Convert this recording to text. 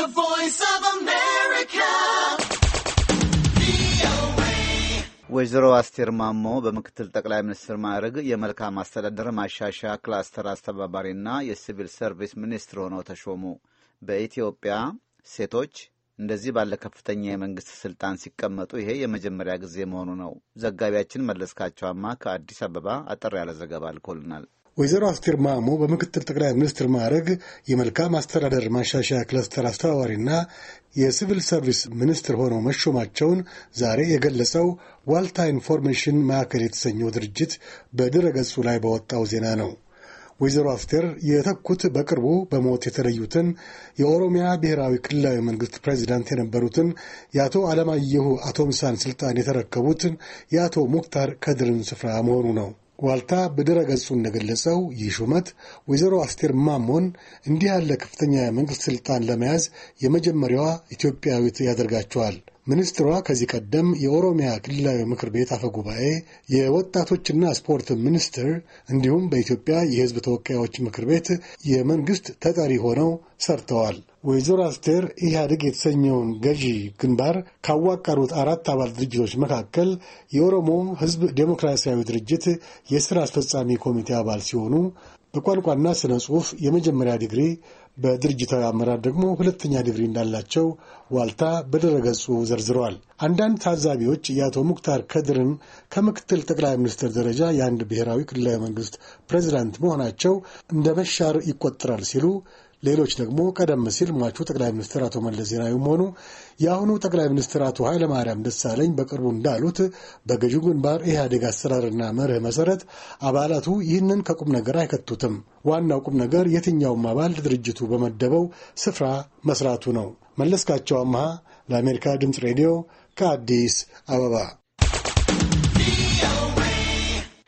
The Voice of America. ወይዘሮ አስቴር ማሞ በምክትል ጠቅላይ ሚኒስትር ማዕረግ የመልካም አስተዳደር ማሻሻያ ክላስተር አስተባባሪና የሲቪል ሰርቪስ ሚኒስትር ሆነው ተሾሙ። በኢትዮጵያ ሴቶች እንደዚህ ባለ ከፍተኛ የመንግስት ስልጣን ሲቀመጡ ይሄ የመጀመሪያ ጊዜ መሆኑ ነው። ዘጋቢያችን መለስካቸዋማ ከአዲስ አበባ አጠር ያለ ዘገባ አልኮልናል። ወይዘሮ አስቴር ማሞ በምክትል ጠቅላይ ሚኒስትር ማዕረግ የመልካም አስተዳደር ማሻሻያ ክለስተር አስተባባሪና የሲቪል ሰርቪስ ሚኒስትር ሆነው መሾማቸውን ዛሬ የገለጸው ዋልታ ኢንፎርሜሽን ማዕከል የተሰኘው ድርጅት በድረ ገጹ ላይ በወጣው ዜና ነው። ወይዘሮ አስቴር የተኩት በቅርቡ በሞት የተለዩትን የኦሮሚያ ብሔራዊ ክልላዊ መንግስት ፕሬዚዳንት የነበሩትን የአቶ አለማየሁ አቶምሳን ስልጣን የተረከቡትን የአቶ ሙክታር ከድርን ስፍራ መሆኑ ነው። ዋልታ በድረ ገጹ እንደገለጸው ይህ ሹመት ወይዘሮ አስቴር ማሞን እንዲህ ያለ ከፍተኛ የመንግሥት ሥልጣን ለመያዝ የመጀመሪያዋ ኢትዮጵያዊት ያደርጋቸዋል። ሚኒስትሯ ከዚህ ቀደም የኦሮሚያ ክልላዊ ምክር ቤት አፈ ጉባኤ፣ የወጣቶችና ስፖርት ሚኒስትር እንዲሁም በኢትዮጵያ የሕዝብ ተወካዮች ምክር ቤት የመንግስት ተጠሪ ሆነው ሰርተዋል። ወይዘሮ አስቴር ኢህአዴግ የተሰኘውን ገዢ ግንባር ካዋቀሩት አራት አባል ድርጅቶች መካከል የኦሮሞ ሕዝብ ዴሞክራሲያዊ ድርጅት የሥራ አስፈጻሚ ኮሚቴ አባል ሲሆኑ በቋንቋና ሥነ ጽሑፍ የመጀመሪያ ዲግሪ በድርጅታዊ አመራር ደግሞ ሁለተኛ ዲግሪ እንዳላቸው ዋልታ በድረገጹ ዘርዝረዋል። አንዳንድ ታዛቢዎች የአቶ ሙክታር ከድርን ከምክትል ጠቅላይ ሚኒስትር ደረጃ የአንድ ብሔራዊ ክልላዊ መንግስት ፕሬዚዳንት መሆናቸው እንደ መሻር ይቆጠራል ሲሉ ሌሎች ደግሞ ቀደም ሲል ሟቹ ጠቅላይ ሚኒስትር አቶ መለስ ዜናዊም ሆኑ የአሁኑ ጠቅላይ ሚኒስትር አቶ ኃይለማርያም ደሳለኝ በቅርቡ እንዳሉት በገዢው ግንባር ኢህአዴግ አሰራርና መርህ መሰረት አባላቱ ይህንን ከቁም ነገር አይከቱትም። ዋናው ቁም ነገር የትኛውም አባል ድርጅቱ በመደበው ስፍራ መስራቱ ነው። መለስካቸው አመሃ ለአሜሪካ ድምፅ ሬዲዮ ከአዲስ አበባ